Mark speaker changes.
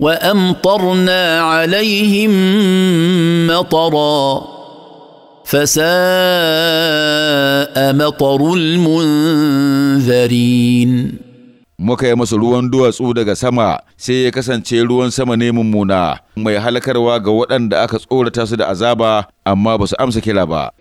Speaker 1: وامطرنا عليهم مطرا
Speaker 2: فساء مطر المنذرين muka yi masu ruwan duwatsu daga sama sai ya
Speaker 3: kasance ruwan sama ne mummuna mai halakarwa ga waɗanda aka tsorata su da azaba
Speaker 4: amma ba su amsa kira ba